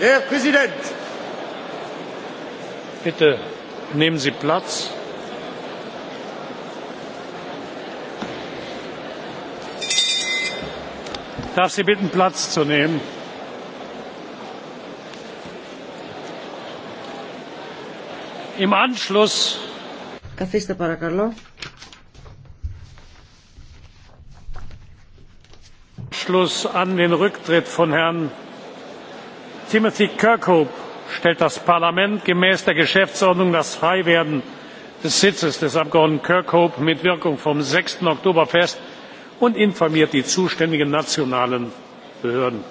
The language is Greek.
Herr Präsident! Bitte nehmen Sie Platz. Ich darf Sie bitten, Platz zu nehmen. Im Anschluss Καθίστε παρακαλώ. Schluss an den Rücktritt von Herrn timothy kirkhope stellt das parlament gemäß der geschäftsordnung das freiwerden des sitzes des abgeordneten kirkhope mit wirkung vom. sechs oktober fest und informiert die zuständigen nationalen behörden.